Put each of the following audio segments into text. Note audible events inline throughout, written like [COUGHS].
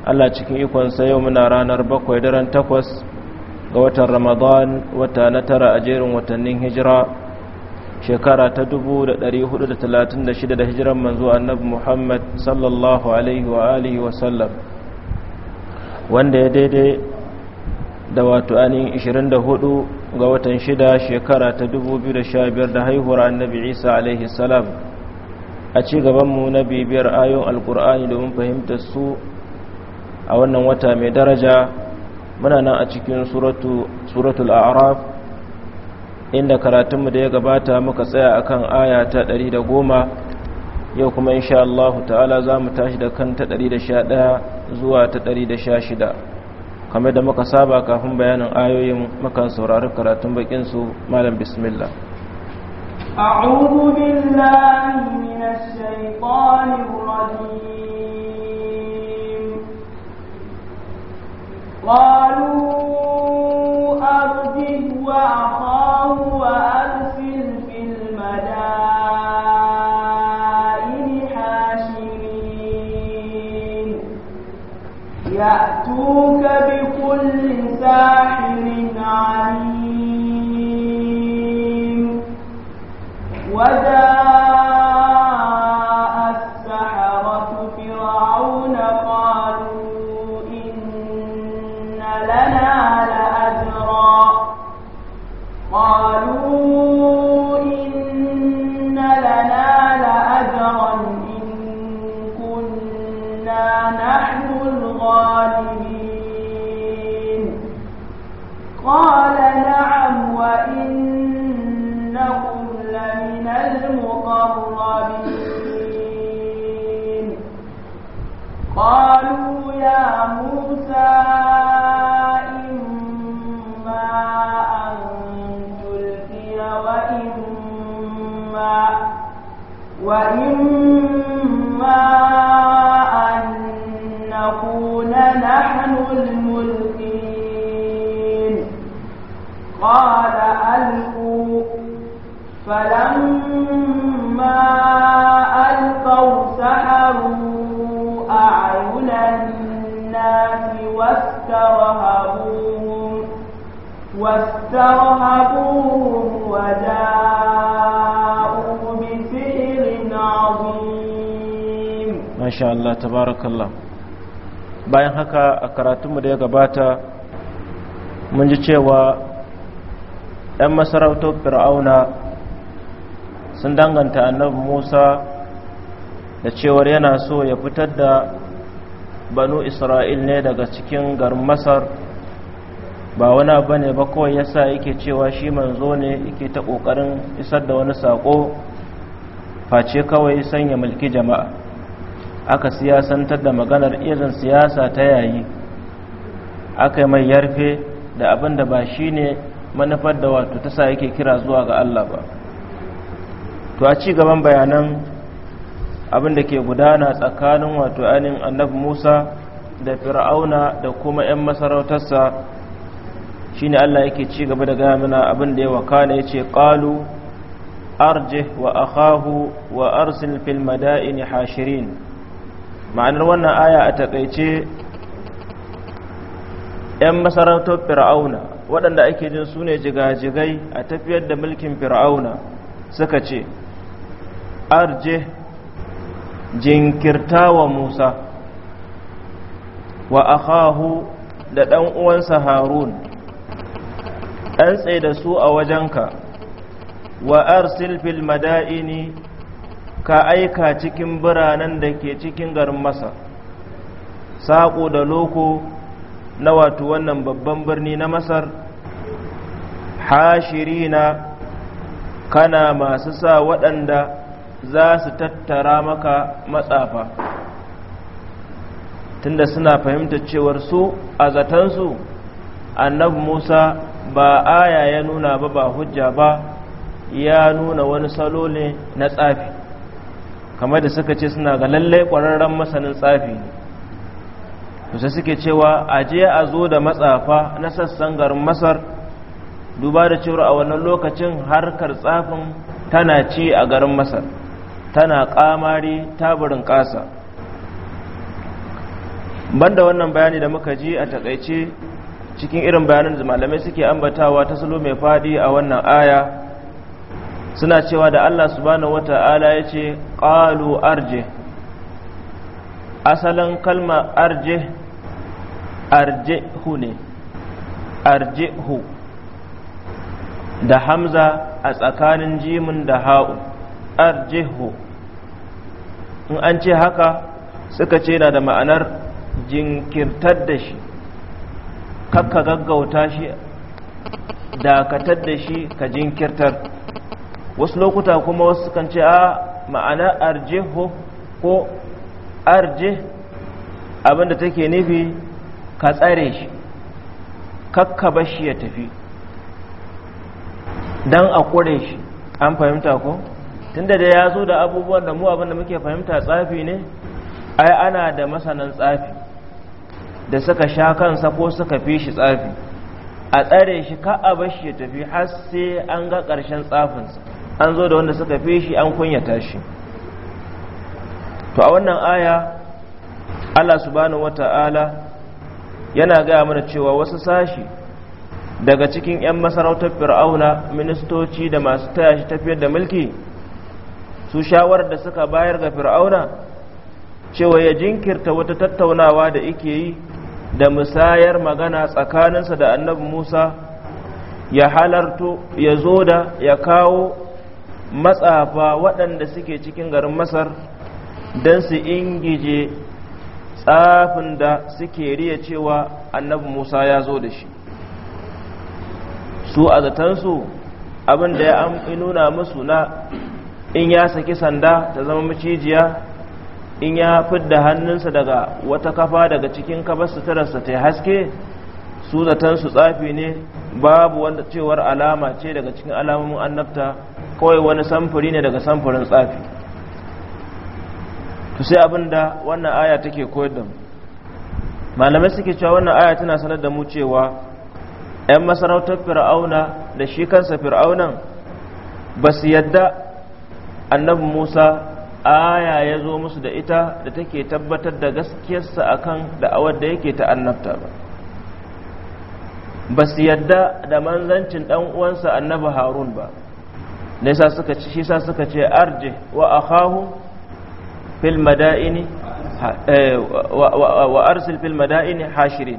Allah cikin ikonsa yau muna ranar bakwai daren takwas ga watan Ramadan wata na tara a jerin watannin hijira shekara ta 1436 da hijiran manzo annabi Muhammad sallallahu alaihi wa alihi wa sallam wanda ya daidai da wato anin 24 ga watan shida shekara ta 2015 da haihuwar annabi Isa alaihi salam a ci gabanmu na bibiyar ayon alkur'ani domin fahimtar su a wannan wata mai daraja muna nan a cikin suratul araf inda karatunmu da ya gabata muka tsaya a kan aya ta goma, yau kuma insha Allah ta'ala za mu tashi da kan ta 111 zuwa ta 116 kamar da muka saba kafin bayanin ayoyin muka saurari karatun bakinsu malam bismillah أعوذ بالله من الشيطان الرجيم وإما وإما أن نكون نحن الملقين قال ألقوا فلما ألقوا سحروا أعين الناس واسترهبوهم واسترهبوهم وجاءوا masha Allah tabarakallah bayan haka a karatunmu da ya gabata mun ji cewa 'yan masarautar fir'auna sun danganta annabi musa da cewar yana so ya fitar da banu isra'il ne daga cikin garin masar ba wani abu ne ba kawai yasa yake cewa shi manzo ne yake ta ƙoƙarin isar da wani saƙo face kawai sanya mulki jama'a aka siyasantar da maganar irin siyasa ta yayi aka yi mai yarfe da abin da ba shi ne manufar da wato ta sa yake kira zuwa ga Allah ba to a ci gaban bayanan abin da ke gudana tsakanin wato ainihin annabi Musa da fir'auna da kuma 'yan masarautarsa shine Allah yake ci gaba da gaya mana abin da ya wakana ce qalu arjih wa akhahu wa arsil fil madaini hashirin ma'anar wannan aya a takaice ‘yan masarautar fir'auna waɗanda ake jin su ne jigajigai a tafiyar da mulkin fir'auna suka ce arje jinkirta wa musa wa akahu da ɗan uwansa harun ɗan tsaye da su a wajenka wa arsil fil mada'ini ka aika cikin biranen da ke cikin garin masa saƙo da loko na wato wannan babban birni na masar hashirina kana masu sa waɗanda za su tattara maka matsafa tunda suna fahimta cewar su a zatansu annab musa ba aya ya nuna ba ba hujja ba ya nuna wani salo ne na tsafi kamar da suka ce suna ga lallai kwararren masanin tsafi kusa suke cewa a je a zo da matsafa na sassan garin masar duba da cewar a wannan lokacin harkar tsafin tana ci a garin masar tana kamari taburin ƙasa banda wannan bayani da muka ji a takaice cikin irin bayanan da malamai suke ambatawa ta salo mai fadi a wannan aya suna cewa da Allah subhanahu wata'ala ya ce qalu arje asalin kalma arje arjehu ne arjehu da hamza a tsakanin jimin da ha'u arjehu in an ce haka suka ce na da ma'anar jinkirtar da shi kakka gaggauta shi dakatar da shi ka jinkirtar wasu lokuta kuma wasu kan ce a ma'ana arjihu ko arjih abinda take nufi ka tsare shi kakkaba shi ya tafi don a kure shi an fahimta ko tunda da ya zo da abubuwan da mu abinda muke fahimta tsafi ne ai ana da masanan tsafi da suka sha kansa ko suka fi shi tsafi a tsare shi ka a bashi ya tafi har sai an ga ƙarshen tsafinsa an zo da wanda suka fi shi an kunyata shi to a wannan aya Allah subhanahu wata'ala yana gaya mana cewa wasu sashi daga cikin 'yan masarautar fir'auna ministoci da masu taya shi tafiyar da mulki su shawarar da suka bayar ga fir'auna cewa ya jinkirta wata tattaunawa da ike yi da musayar magana tsakaninsa da annabi musa ya halarto ya zo da ya kawo matsafa waɗanda suke cikin garin masar don su ingije tsafin da suke riya cewa annabi musa ya zo da shi su a zatansu abin da ya nuna musu na in ya saki sanda ta zama macijiya in ya fidda hannunsa daga wata kafa daga cikin kafar suturarsa ta haske su zatansu tsafi ne babu wanda cewar alama ce daga cikin alamomin annabta kawai wani samfuri ne daga samfurin tsafi to sai abinda wannan aya take koyar da mu malamai suke cewa wannan aya tana sanar da mu cewa 'yan masarautar fir'auna da shi kansa fir'aunan ba su yadda annabi musa aya ya zo musu da ita da take tabbatar da gaskiyarsa akan da'awar da yake ta annabta ba ba su yadda da manzancin dan uwansa annabi harun ba ne sa suka ce shi sa suka ce arje wa akhahu fil madaini eh, wa arsil fil madaini hashirin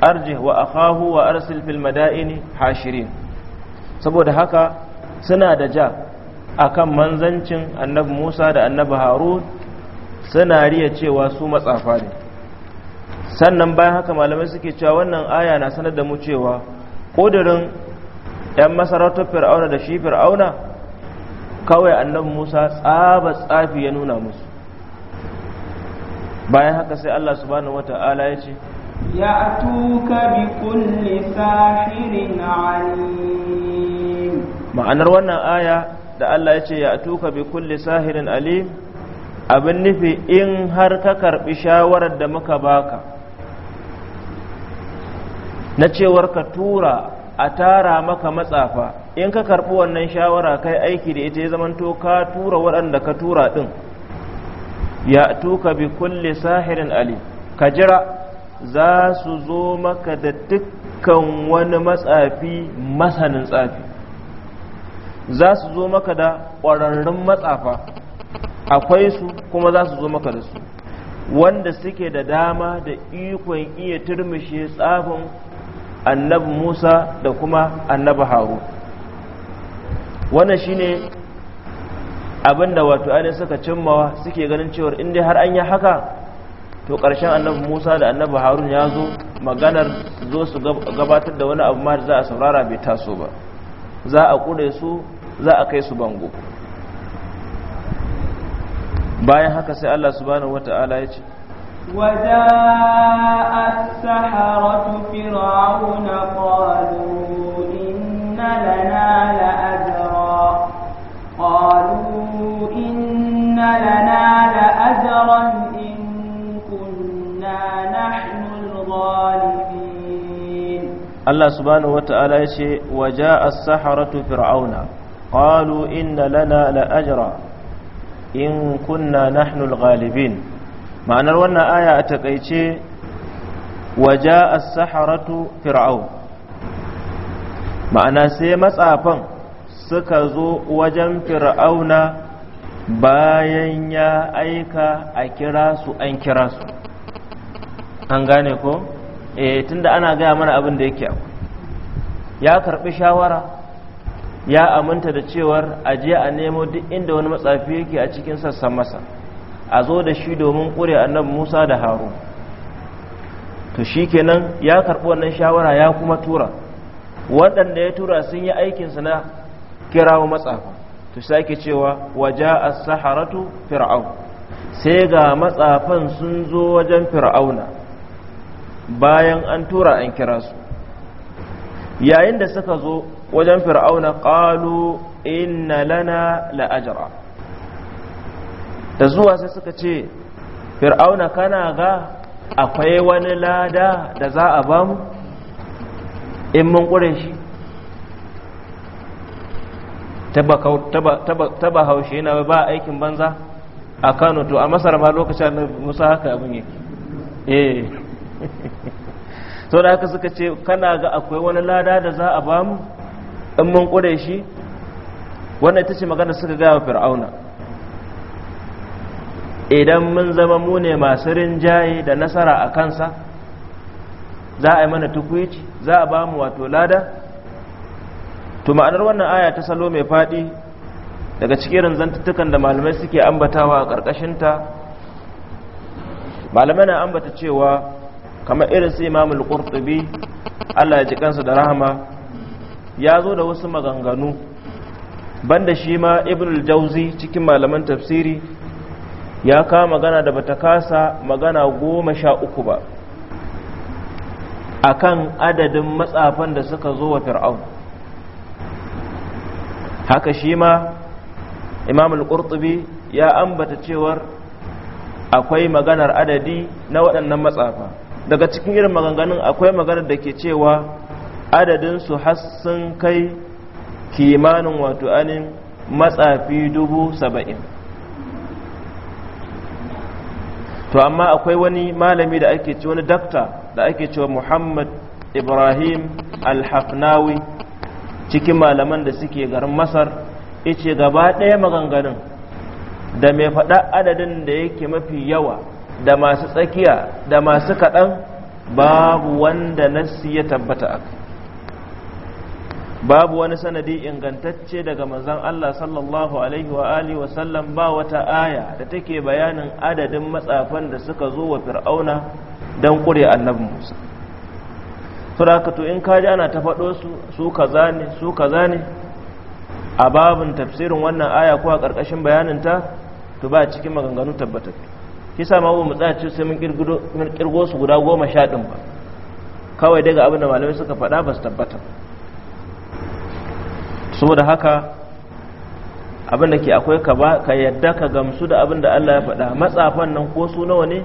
arje wa akhahu wa arsil fil madaini hashirin saboda haka suna da ja akan manzancin annabi Musa da annabi Harun suna riya cewa su matsafa ne sannan bayan haka malamai suke cewa wannan aya na sanar da mu cewa kodarin 'yan masarautar fir'auna da shi fir'auna kawai annabi musa tsaba tsafi ya nuna musu bayan haka sai allah subhanahu ta'ala ya ce ya tuka bi kulli sahirin alim ma'anar wannan aya da allah ya ce ya tuka bi kulli sahirin alim abin nufi in har ka karbi shawarar da muka baka na cewar ka tura a tara maka matsafa in ka karɓi wannan shawara kai aiki da ita ya zamanto ka tura waɗanda ka tura ɗin ya tuka bi kulle sahirin ali ka jira za su zo maka da dukkan wani matsafi masanin tsafi za su zo maka da ƙwararrun matsafa akwai su kuma za su zo maka da su wanda suke da dama da ikon iya turmushe tsafin annabi musa da kuma annabi Harun. wannan shine abinda wato ainihin suka cimmawa suke ganin cewar inda har an yi haka to ƙarshen annabi musa da annabi harun ya zo maganar zo su gabatar da wani abu ma za a saurara bai taso ba za a kure su za a kai su bango bayan haka sai allah subhanahu wata'ala ya ce وجاء السحرة فرعون قالوا إن لنا لأجرا قالوا إن لنا لأجرا إن كنا نحن الغالبين الله سبحانه وتعالى يشي وجاء السحرة فرعون قالوا إن لنا لأجرا إن كنا نحن الغالبين ma'anar wannan aya a takaice waja a saharatu fir'aun ma'ana sai matsafan suka zo wajen fir'auna bayan ya aika a kira su an kira su an gane ko e tunda ana gaya mana abin da yake akwai ya karbi shawara ya aminta da cewar aje a nemo duk inda wani matsafi yake a cikin sassan masa a zo da shi domin ƙure annabi musa da harun to shi kenan ya karɓi wannan shawara ya kuma tura waɗanda ya tura sun yi aikinsa na kirawo matsafa to sake cewa waje a saharatu fir'au sai ga matsafan sun zo wajen fir'auna bayan an tura an kira su yayin da suka zo wajen fir'auna qalu inna lana la'ajara da zuwa sai suka ce fir'auna kana ga akwai wani lada da za a bamu in mun ƙure shi taba haushe na ba aikin banza a kano to a masar ma lokacin na musa haka abin yake eh [LAUGHS] sau da haka suka ce kana ga akwai wani lada da za a bamu in mun ƙure shi wannan ita ce magana suka gaya wa fir'auna idan mun zama mu ne masu rinjaye da nasara a kansa za a yi mana tukwici za a ba mu wato lada to ma'anar wannan aya ta salo mai faɗi daga cikin zantattukan da malamai suke ambatawa a ƙarƙashinta malamai na ambata cewa kamar irin su imamul qurtubi Allah ya ji kansa da rahama ya zo da wasu maganganu banda shi ma ibnul jauzi cikin malaman tafsiri ya kawo magana da bata kasa magana goma sha uku ba akan adadin matsafan da suka zo wa fir'aun haka shi ma imam al-qurtubi ya ambata cewar akwai maganar adadi na waɗannan matsafa daga cikin irin maganganun akwai maganar da ke cewa adadinsu har sun kai kimanin wato anin matsafi dubu saba'in to amma akwai wani malami da ake ce wani dakta da ake cewa muhammad ibrahim alhafnawi cikin malaman da suke garin masar ice gaba ɗaya maganganun da mai faɗa adadin da yake mafi yawa da masu tsakiya da masu kaɗan babu wanda nassi ya tabbata a babu wani sanadi ingantacce daga manzon Allah sallallahu alaihi wa alihi wa sallam ba wata aya da take bayanin adadin matsafan da suka zo wa fir'auna dan kure annabi Musa saboda to in ka ji ana ta faɗo su su kaza ne su kaza ne a babin tafsirin wannan aya ko a ƙarƙashin bayanin ta to ba cikin maganganu tabbatattu kisa ma mu tsaci sai mun kirgo su guda goma sha ɗin ba kawai daga abin da malamai suka faɗa ba su tabbata saboda haka abin da ke akwai ka ba ka yadda ka gamsu da abin da Allah ya faɗa matsafan nan ko su nawa ne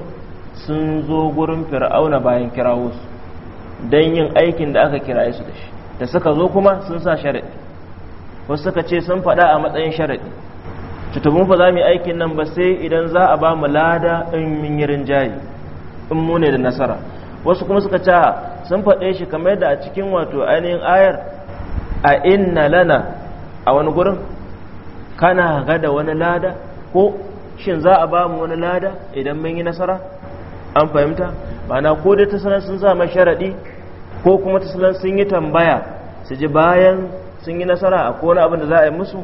sun zo gurin fir'auna bayan kirawo su don yin aikin da aka kiraye su da shi da suka zo kuma sun sa sharaɗi wasu suka ce sun faɗa a matsayin sharaɗi tutubun fa za mu yi aikin nan ba sai idan za a ba mu lada in mun yi rinjaye in mu da nasara wasu kuma suka ce sun faɗe shi kamar da a cikin wato ainihin ayar a inna lana a wani gurin kana gada wani lada ko shin za a ba mu wani lada idan mun yi nasara an fahimta mana ko dai ta sanar sun zama sharaɗi ko kuma ta sanar sun yi tambaya su ji bayan sun yi nasara a wani abin da za a yi musu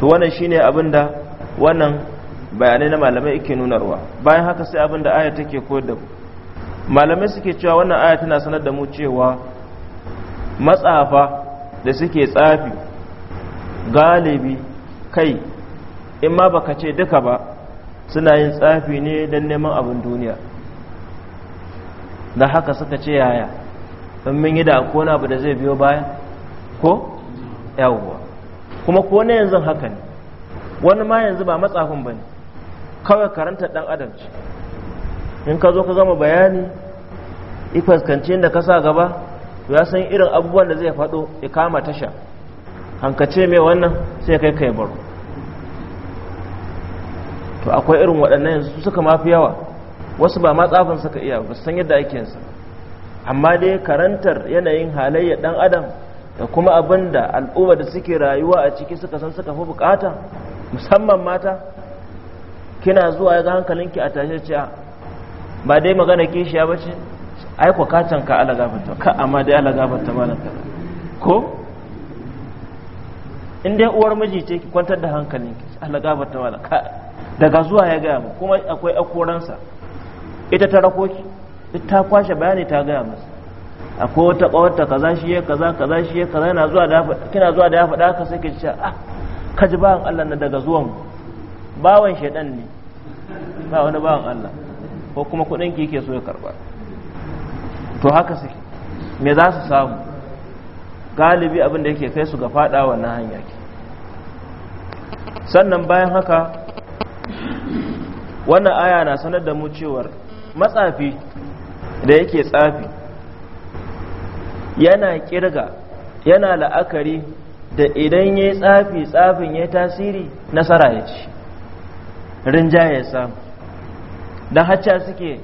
to wannan shine abin da wannan bayanai na malamai yake nunarwa bayan haka sai abin da aya take koyar da mu malamai suke cewa wannan aya tana sanar da mu cewa matsafa da suke tsafi galibi kai in ma baka ce duka ba suna yin tsafi ne don neman abin duniya da haka suka ce yaya in mun yi da kona abu da zai biyo baya ko yawuwa kuma ko na yanzu haka ne wani ma yanzu ba matsafin ba ne kawai karanta dan adam in ka zo ka gama bayani ifaskanci da ka sa gaba to ya san irin abubuwan da zai faɗo ya kama tasha hankace mai wannan sai kai kai baro to akwai irin waɗannan yanzu suka mafi yawa wasu ba matsafin suka iya ba san yadda ake yansa amma dai karantar yanayin halayya ɗan adam da kuma abinda da al'umma da suke rayuwa a ciki suka san suka fi bukata musamman mata kina zuwa ya ga hankalinki a tashe ciya? Ah, ba dai magana kishiya ba ce ai ko ka canka ala gafarta ka amma dai ala gafarta malam kaza ko in dai uwar miji ce ki kwantar da hankalin ki ala gafarta ka daga zuwa ya gaya mu kuma akwai akoransa ita ta rako ki ta kwashe bayani ta gaya masa akwai wata kawarta kaza shi ya kaza kaza shi ya kaza yana zuwa da kina zuwa da ya faɗa ka sai ki ce ah ka ji bawan Allah na daga zuwan bawan shedan ne ba wani bawan Allah ko kuma kuɗin ki yake so ya karɓa to haka suke me za su samu galibi abin da yake kai su ga fada wannan hanya ke sannan bayan haka wannan aya na sanar da mu cewar matsafi da yake tsafi yana kirga yana la'akari da idan ya tsafi tsafin ya tasiri nasara ya ci rinjaye samu don hacca suke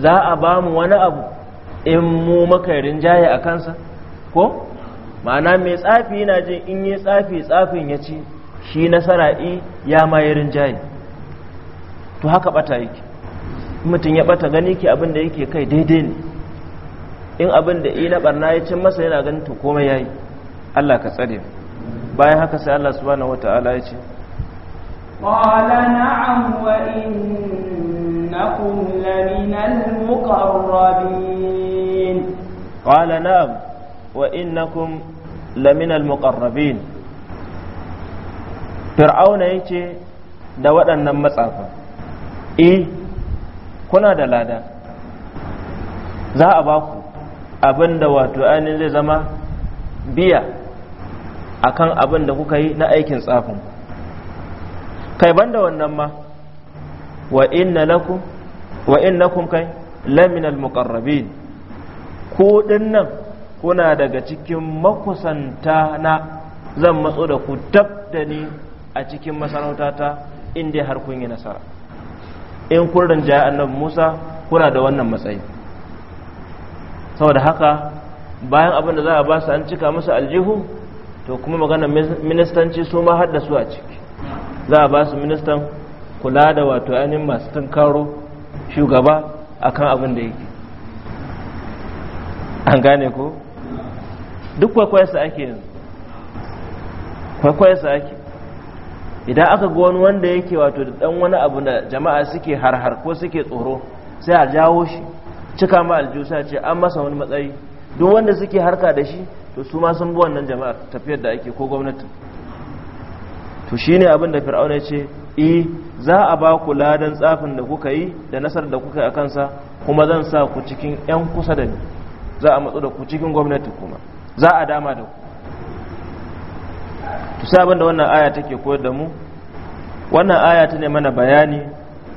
za a bamu wani abu in mu maka rinjaye a kansa ko ma'ana mai tsafi yana jin in yi tsafi tsafin ya ci shi nasara i ya ma rinjaye to haka bata yake mutum ya bata gani ke abin da yake kai daidai ne in abin da i na barna ya cin masa yana ganin to komai ya yi. Allah ka tsare bayan haka sai Allah subhanahu wataala ya ce قال نعم وإنكم لمن muqarrabin قال نعم وإنكم لمن المقربين فرعون يجي da waɗannan matsafa e kuna da lada za a baku abin da wato ainihin zai zama biya akan abin da kuka yi na aikin tsafin kai da wannan ma wa inna lakum kai laminal muqarrabin Kuɗin nan kuna daga cikin makusanta na zan matso da ku tab da ni a cikin masarautata inda har kun yi nasara in kun rinjaya annabi Musa kuna da wannan matsayi saboda haka bayan abin da za a ba su an cika musu aljihu to kuma magana ministanci su ma har su a ciki za a ba su ministan kula da wato ainihin masu tunkaro shugaba akan abin da yake an gane ko duk kwaikwayarsa ake yanzu kwaikwayarsa ake idan aka ga wani wanda yake wato da dan wani abu da jama'a suke harhar ko suke tsoro sai a jawo shi cika ma aljusa ce an masa wani matsayi duk wanda suke harka da shi to su ma sun bi wannan jama'a tafiyar da ake ko gwamnati to shine abin da fir'auna ya ce e za a ba ku ladan tsafin da kuka yi da nasarar da kuka yi a kansa kuma zan sa ku cikin 'yan kusa da ni za a matsu da ku cikin gwamnati kuma za a dama da ku tusa da wannan aya take koyar da mu wannan aya ta ne mana bayani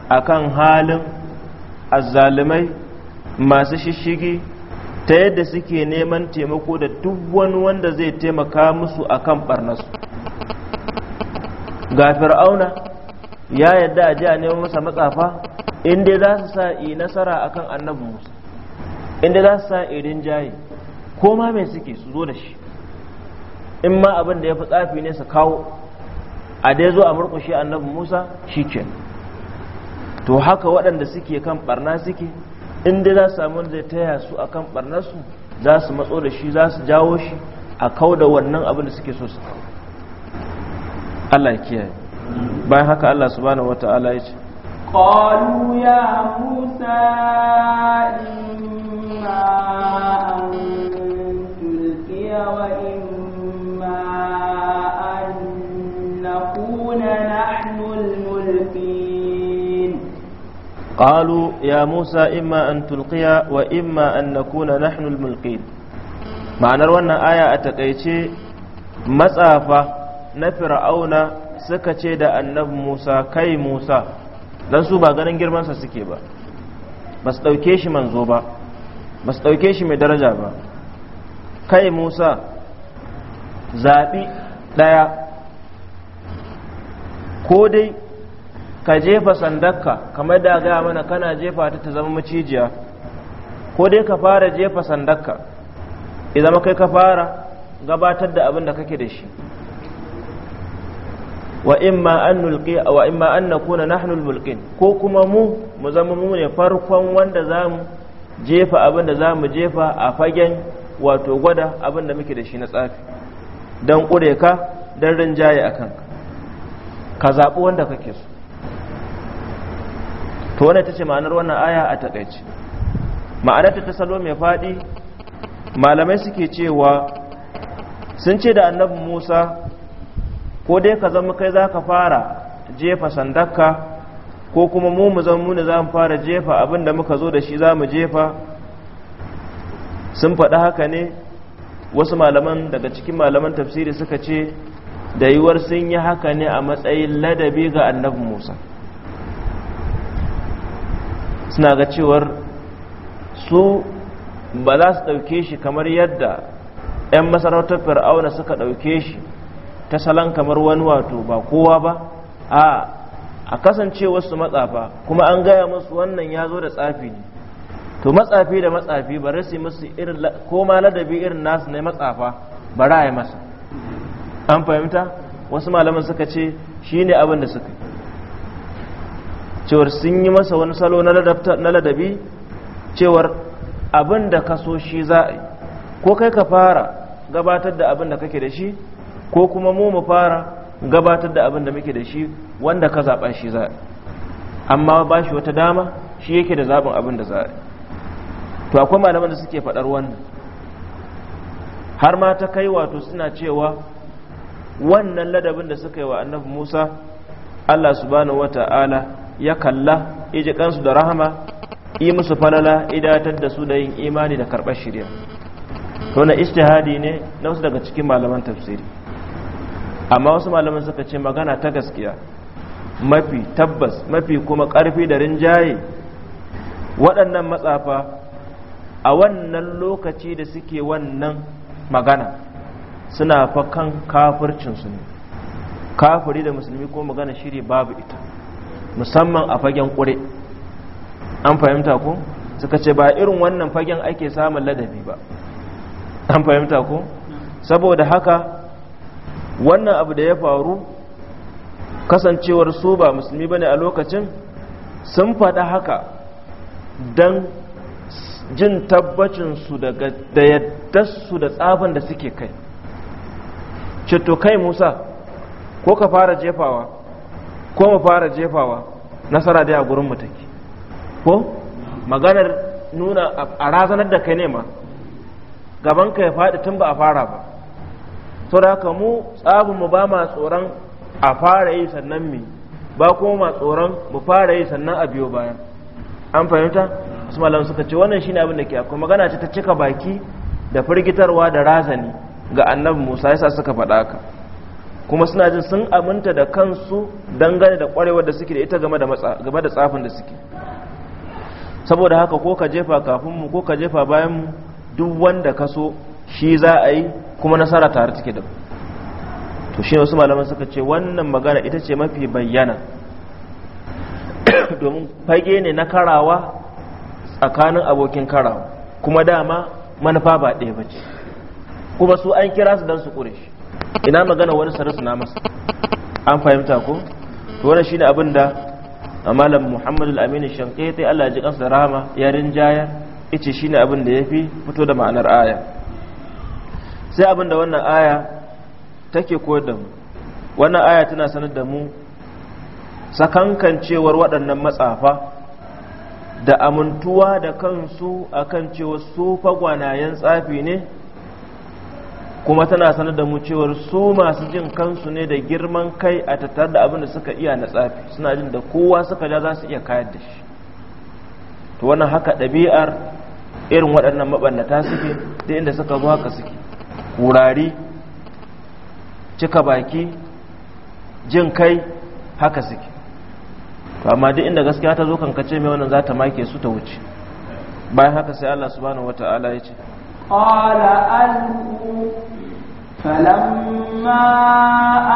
akan halin azzalumai masu shishigi ta yadda suke neman taimako da duk wani wanda zai taimaka musu a kan barnasu ga fir'auna ya yadda a ji a neman masa matsafa inda za su sa yi nasara akan annabi musa inda za su sa irin jayi ko ma mai suke su zo da shi in ma abin da ya fi tsafi ne su kawo a dai zo a murkushe annabi musa shi ke to haka waɗanda suke kan barna suke inda za su samu zai taya su a kan barnarsu za su matso da shi za su jawo shi a kau da wannan abin da suke so su Allah ya kiyaye bayan haka Allah subhanahu ala ya ce قالوا يا موسى إما أن تلقي وإما أن نكون نحن الملقين قالوا يا موسى إما أن تلقي وإما أن نكون نحن الملقين ma'anar wannan aya a takaice matsafa na fir'auna suka ce da annabi musa kai musa don su ba ganin girmansa suke ba ba su ɗauke shi manzo ba ba su ɗauke shi mai daraja ba kai musa zaɓi ɗaya ko dai ka jefa sandakka kamar da gaya mana kana jefa ta ta zama macijiya ko dai ka fara jefa sandakka idan kai ka fara gabatar da abin da kake da shi wa imma an an nakuna nahnu almulqin ko kuma mu mu zama mu ne farkon wanda zamu jefa abin da zamu jefa a fagen wato gwada abin da muke da shi na tsafi dan kure ka dan rinjaye akan ka ka zaɓi wanda kake so to wannan tace ma'anar wannan aya a takeice ma'anar ta salo mai faɗi malamai suke cewa sun ce da annabi Musa ko dai ka zama kai za ka fara jefa sandakka ko kuma mu mu zama muni za mu fara jefa abin da muka zo da shi za mu jefa sun faɗi haka ne wasu malaman daga cikin malaman tafsiri suka ce da yiwuwar sun yi haka ne a matsayin ladabi ga annabi musa suna ga cewar su ba za su ɗauke shi kamar yadda 'yan masarautar fir'auna suka ɗauke shi ta salan kamar wani wato ba kowa ba a a kasance wasu matsafa kuma an gaya musu wannan ya zo da tsafi ne to matsafi da matsafi ba rasi musu irin ko ma ladabi irin nasu ne matsafa ba a yi masa an fahimta wasu malaman suka ce ne abin da suka cewar sun yi masa wani salo na ladabi cewar abin da ka so shi za a yi ko kai ka fara gabatar da abin da kake da shi ko kuma mu mu fara gabatar da abin da muke da shi wanda ka zaɓa shi za amma ba shi wata dama shi yake da zaɓin abin da za to akwai malaman da suke faɗar wannan har ma ta kai wato suna cewa wannan ladabin da suka yi wa annabi musa allah subhanahu wata'ala ya kalla iji kansu da rahama yi musu falala idatar da su da yin imani da karɓar shirya to na istihadi ne na wasu daga cikin malaman tafsiri amma wasu malaman suka ce magana ta gaskiya mafi tabbas mafi kuma ƙarfi da rinjaye waɗannan matsafa a wannan lokaci da suke wannan magana suna fa kan kafircinsu ne kafiri da musulmi ko magana shiri babu ita musamman a fagen ƙure an fahimta ko suka ce ba irin wannan fagen ake samun ladabi ba an fahimta ko saboda haka wannan abu da ya faru kasancewar su ba musulmi bane a lokacin sun faɗa haka don jin tabbacinsu da yaddarsu da tsafin da suke kai ceto kai musa ko ka fara jefawa ko mu fara jefawa nasara dai a gurin mutaki ko maganar nuna a razanar da kai ne ma gaban ka ya faɗi tun ba a fara ba saboda mu tsabin mu ba ma tsoron a fara yi sannan mi ba kuma ma tsoron mu fara yi sannan a biyo bayan an fahimta su malam suka ce wannan shine abin da ke akwai magana ce ta cika baki da firgitarwa da razani ga annabi Musa yasa suka faɗa ka kuma suna jin sun aminta da kansu dangane da kwarewar da suke da ita game da tsafin da suke saboda haka ko ka jefa kafin mu ko ka jefa bayan mu duk wanda ka so shi za a yi kuma nasara tare take da to shi wasu malaman suka ce wannan magana ita ce mafi bayyana [COUGHS] domin fage ne na karawa tsakanin abokin karawa kuma dama manufa ba ɗaya ba ce kuma su an kira su don su ƙure shi ina magana wani sarasu na masa an fahimta ko to wannan shine abin da malam muhammadu al ta yi Allah ƙasa da kansa rahama ya rinjaya shi shine abin da ya fi fito da ma'anar aya sai abin da wannan aya take koyar da mu wannan aya tana sanar da mu sakankancewar waɗannan matsafa da amintuwa da kansu akan cewa su fagwanayen tsafi ne kuma tana sanar da mu cewar su masu jin kansu ne da girman kai a tattar da abin da suka iya na tsafi suna jin da kowa suka ja za su iya kayar da shi to wannan haka ɗabi'ar irin waɗannan maɓannata suke da inda suka zo haka suke wurari cika baki jin kai haka suke amma duk inda gaskiya ta zo kankace mai wannan za ta make su ta wuce bayan haka sai Allah subhanahu wata'ala ya ce qala alhu falamma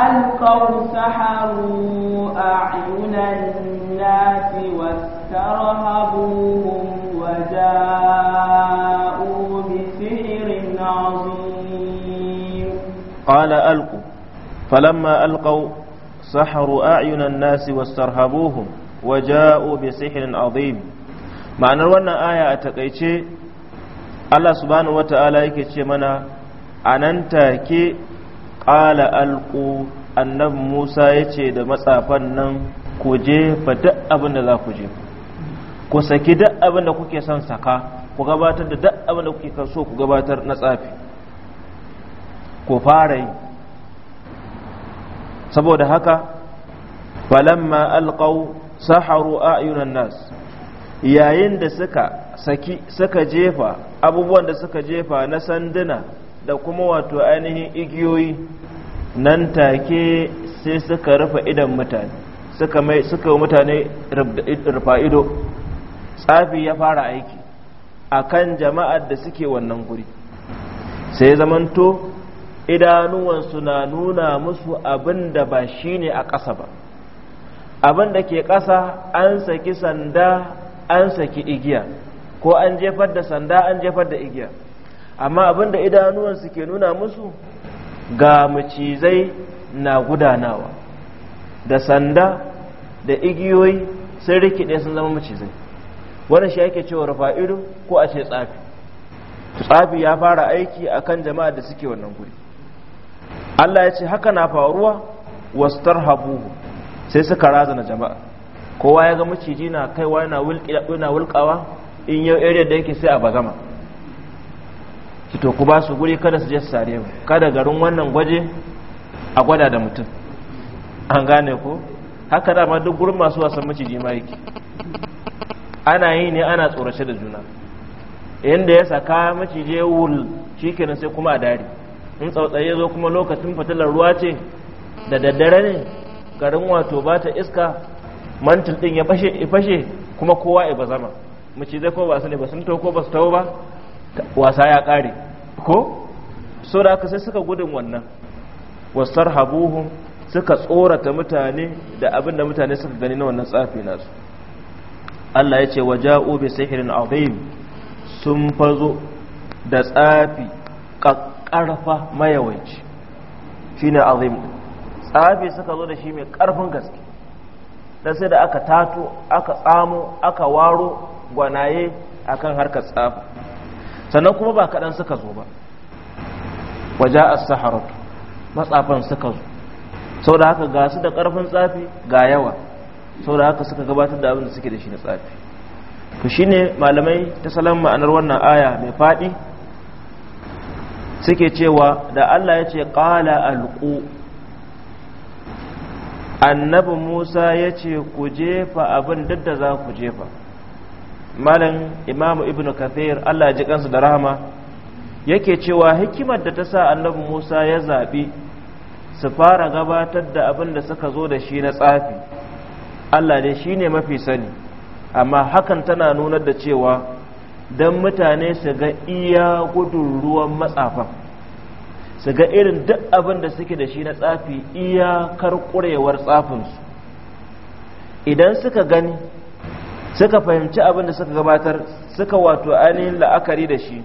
alqaw saharu a'yunan nasi wasu wa wajen. قال ألقوا فلما ألقوا سحروا أعين الناس واسترهبوهم وجاءوا بسحر عظيم ma'anar wannan aya a takaice Allah subhanahu wata'ala yake ce mana a nan take ƙala alƙo annabi Musa ya ce da matsafan nan ku jefa duk abin da za ku je, ku saki duk abin da kuke son saka ku gabatar da duk abin da kuke so ku gabatar na tsafi ku fara yi saboda haka falamma alqaw saharu ayunan nas yayin da suka saki suka jefa abubuwan da suka jefa na sanduna da kuma wato ainihin igiyoyi nan take sai suka rufe idan mutane suka mai suka mutane rufa ido tsafi ya fara aiki a kan jama'ar da suke wannan guri sai zamanto idanuwansu na nuna musu abin da ba shi ne a ƙasa ba abin da ke ƙasa an saki sanda an saki igiya ko an jefar da sanda an jefar da igiya amma abin da idanuwansu ke nuna musu ga macizai na gudanawa da sanda da igiyoyi sun rikide sun zama macizai wannan shi ake cewa rufa ido ko a ce tsafi tsafi ya fara aiki a kan jama'a da suke wannan guri Allah ya ce haka na faruwa tarhabu sai suka razana jama'a kowa ya ga maciji na kaiwa yana wulkawa in yau area da yake sai a bazama to ku ba su guri kada su je su sare mu kada garin wannan gwaje a gwada da mutum an gane ko haka ma duk gurin masu wasan maciji ma yake ana yi ne ana tsorace da juna yadda ya saka maciji wul shi kenan sai kuma a dare in tsautsaye ya zo kuma lokacin fitilar ruwa ce da daddare ne garin wato ba ta iska mantil din ya fashe kuma kowa ya ba zama mace zai ko ba su ne ba sun ko ba su taho ba wasa ya kare ko so da aka sai suka gudun wannan wasar habuhun suka tsorata mutane da abin da mutane suka gani na wannan tsafi nasu Allah ya ce wa ja'u bi sihirin azim sun fazo da tsafi ƙarfa mayawanci shine azim tsafi suka zo da shi mai ƙarfin gaske da sai da aka tato aka tsamo aka waro gwanaye akan harkar tsafi sannan kuma ba kaɗan suka zo ba waje a saharatu matsafan suka zo sau da haka gasu da ƙarfin tsafi ga yawa sau da haka suka gabatar da abin da suke da shi na tsafi to shine malamai ta salon ma'anar wannan aya mai faɗi suke cewa da Allah ya ce ƙala alƙu annabi musa ya ce ku jefa abin duk da za ku jefa malam imamu Ibn kathir Allah ya ji kansu da rahama yake cewa hikimar da ta sa annabi musa ya zaɓi su fara gabatar da abin da suka zo da shi na tsafi Allah dai shi ne mafi sani amma hakan tana nunar da cewa don mutane su ga iya gudun ruwan matsafan su ga irin duk abin da suke da shi na tsafi iyakar ƙurewar tsafinsu idan suka gani suka fahimci abin da suka gabatar suka wato ainihin la'akari da shi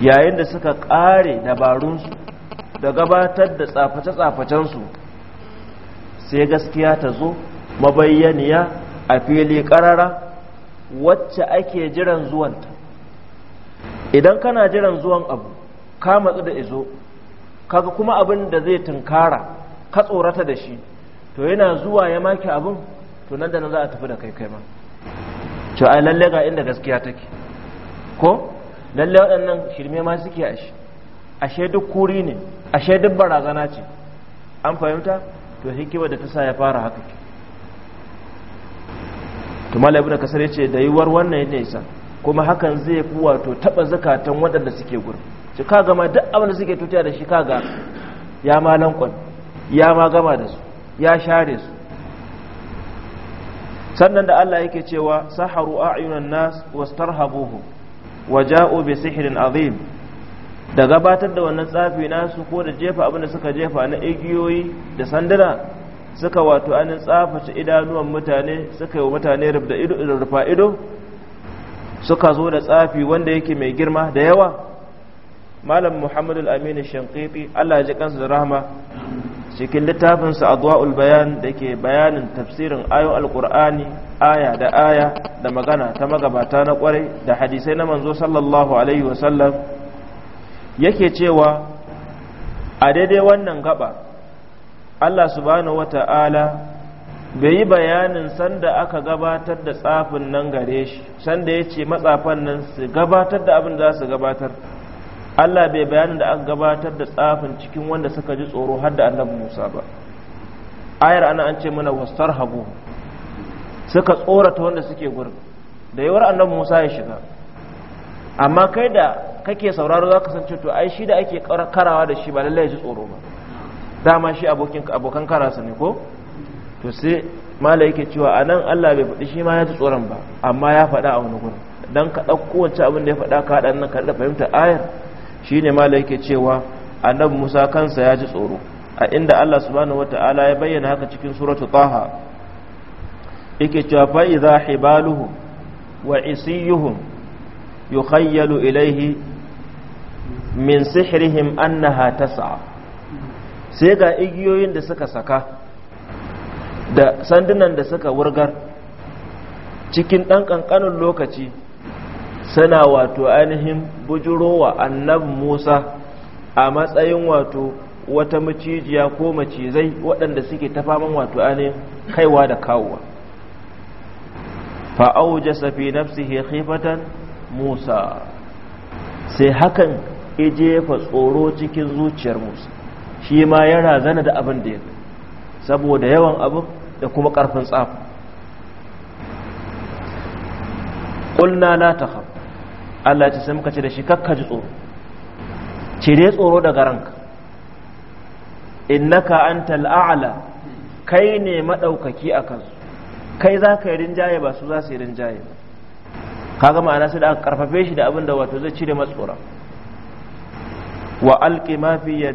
yayin da suka ƙare dabarunsu da gabatar da tsaface-tsafacensu sai gaskiya ta zo mabayyaniya a fili ƙarara wacce ake jiran zuwanta idan kana jiran zuwan abu ka matsu da izo kaga kuma abin da zai tunkara ka tsorata da shi to yana zuwa ya maki abin to nan da nan za a tafi da kai kai ma to ai lalle ga inda gaskiya take ko lalle waɗannan shirme ma suke a shi ashe duk kuri ne ashe duk barazana ce an fahimta to hikima da ta sa ya fara haka ke to malam ibnu kasar yace da yiwar wannan ne isa kuma hakan zai fi wato taba zakatan wadanda suke gurin shi kaga ma duk abin da suke tutiya da shi kaga ya malan kun ya ma gama da su ya share su sannan da Allah yake cewa saharu a'yunan nas wastarhabuhum waja'u bi sihrin azim da gabatar da wannan tsafi nasu ko da jefa abin da suka jefa na igiyoyi da sanduna suka wato anin tsafaci idanuwan mutane suka yi wa mutane rufa ido suka zo da tsafi wanda yake mai girma da yawa malam muhammadu Aminu shankifi allah ji kansu da rahama cikin littafinsa adwa'ul bayan da ke bayanin tafsirin ayon alkur'ani aya da aya da magana ta magabata na kwarai da hadisai na manzo sallallahu alaihi wasallam yake cewa a daidai wannan gaba Allah subhanahu wata'ala bai yi bayanin sanda aka gabatar da tsafin nan gare shi sanda ya ce matsafan nan su gabatar da abin da za su gabatar Allah bai bayanin da aka gabatar da tsafin cikin wanda suka ji tsoro har da annabi Musa ba ayar ana an ce mana wasar habu suka tsorata wanda suke gurin da yawar annabi Musa ya shiga amma kai da kake sauraro za ka san to ai shi da ake karawa da shi ba lallai ya ji tsoro ba dama shi abokan karasa ne ko to sai mala yake cewa a nan allah bai faɗi shi ma ya ji tsoron ba amma ya faɗa a wani gurin dan ka ɗauko wacce abin da ya faɗa ka haɗa nan ka da fahimta ayar shi ne mala yake cewa nan musa kansa ya ji tsoro a inda allah subhanahu ta'ala ya bayyana haka cikin suratu taha yake cewa fa iza hibaluhu wa isiyuhum yukhayyalu ilaihi min sihrihim annaha tas'a sai ga igiyoyin da suka saka da sandunan da suka wurgar cikin ɗan ƙanƙanin lokaci suna wato ainihin bujurowa annabi musa a matsayin wato wata macijiya ko macizai waɗanda suke ta faman wato ainihin kaiwa da kawowa fa'auja safi nafsihi khifatan musa sai hakan jefa tsoro cikin zuciyar musa shi ma ya razana da abin da ya saboda yawan abin da kuma ƙarfin tsafi ƙulna la ta Allah ce sai muka ce da shi kakka ji tsoro cire tsoro daga ranka innaka antal a'la kai ne maɗaukaki a kansu kai za ka yi rinjaye ba su za su yi rinjaye ba kaga ma'ana sai da aka karfafe shi da abin da wato zai cire matsora wa alƙi mafi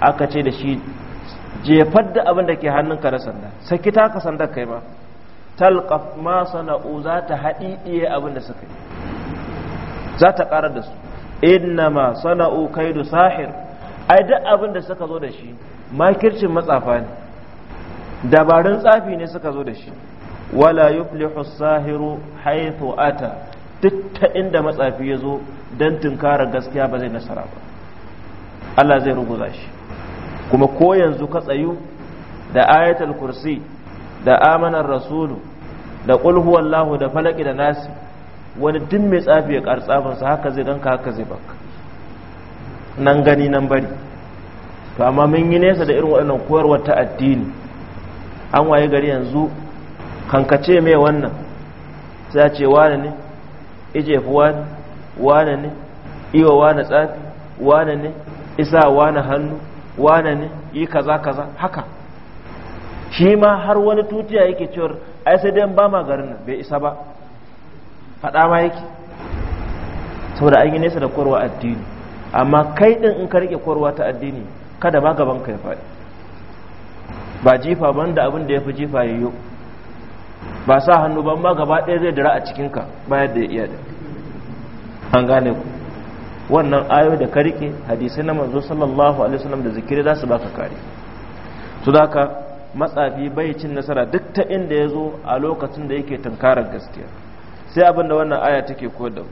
aka ce da shi jefar da abin da ke hannunka na sanda saki taka sandar kai ma talqaf ma sana'u za ta haɗi iya abin da suka yi za ta ƙarar da su innama sana'u kaidu sahir ai duk abin da suka zo da shi makircin matsafa ne dabarun tsafi ne suka zo da shi wala yuflihu sahiru haythu ata duk ta inda matsafi ya zo don tunkara gaskiya ba zai nasara ba Allah zai ruguza shi kuma ko yanzu ka tsayu da ayatul kursi da amanar rasulu da qul huwallahu da falaki da nasi wani duk mai tsafi ya kartsafin sa haka zai ganka haka zai baka nan gani nan bari to amma mun yi nesa da irin waɗannan koyarwar ta addini an waye gari yanzu kankace mai wannan sai a ce wane ne ijefi wane wane ne iwa wane tsafi wane ne isa wane hannu wane ne yi kaza kaza haka shi ma har wani tutiya yake cewar ai sai dai ba ma garin nan bai isa ba faɗa ma yake saboda an yi nesa da korwa addini amma kai ɗin in ka rike kwarwa ta addini kada ma gaban ka ya faɗi ba jifa ban da abin da ya fi jifa ya yi ba sa hannu ban ma gaba ɗaya zai dira a cikinka bayan da ya iya da an gane ku wannan ayo da ka rike hadisai na manzo sallallahu alaihi wasallam da zikiri za su baka kare su daka matsafi bai cin nasara duk ta inda ya zo a lokacin da yake tunkarar gaskiya sai abinda wannan aya take koyar da mu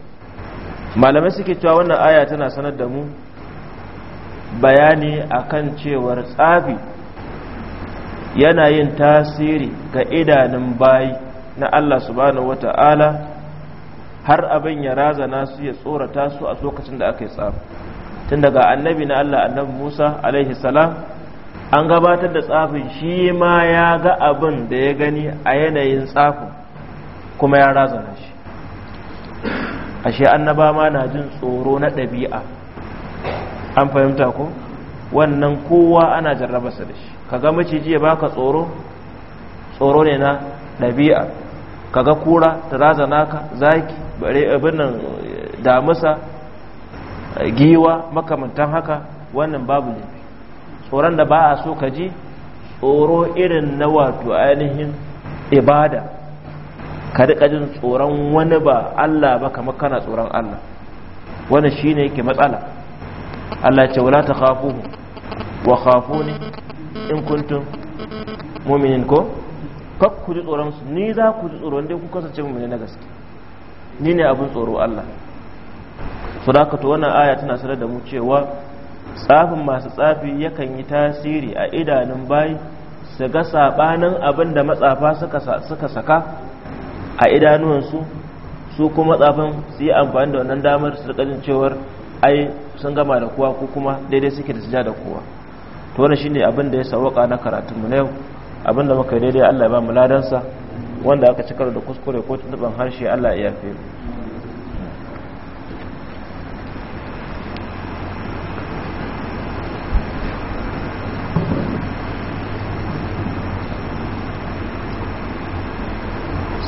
malamai suke cewa wannan aya tana sanar da mu bayani akan cewar tsafi yana yin tasiri ga idanun bayi na Allah subhanahu wata'ala har abin ya razana su ya tsorata su a lokacin da aka yi tsafi tun daga annabi na Allah annabi Musa alaihi salam an gabatar da tsafin shi ma ya ga abin da ya gani a yanayin tsafin kuma ya razana shi ashe annaba ma na jin tsoro na ɗabi'a an fahimta ko wannan kowa ana jarrabarsa da shi Ka kaga maciji ya baka tsoro tsoro ne na ɗabi'a kaga kura ta razana ka zaki bare abin nan damusa giwa makamantan haka wannan babu ne tsoron da ba a so ka ji tsoro irin na wato ainihin ibada ka riƙa jin tsoron wani ba Allah ba kamar kana tsoron Allah wannan shine yake matsala Allah ce wala khafu wa khafuni in kuntum mu'minin ko kak ku ji tsoron su ni za ku ji tsoron dai ku kasance mu ne na gaske ni ne abin tsoro Allah sadaka to wannan aya tana sanar da mu cewa tsafin masu tsafi yakan yi tasiri a idanun bayi su ga sabanin abin da matsafa suka saka a idanuwansu su kuma tsafin su yi amfani da wannan damar su rikajin cewar ai sun gama da kowa ko kuma daidai suke da sija da kowa to wannan shine abin da ya sawaka na karatunmu na yau abinda muka daidai Allah ba mu ladansa wanda aka cikar da kuskure ko tuntuban harshe Allah ya yafe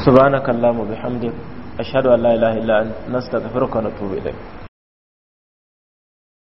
subhanakallahumma bihamdika ashhadu an la ilaha illa anta nastaghfiruka wa natubu ilayk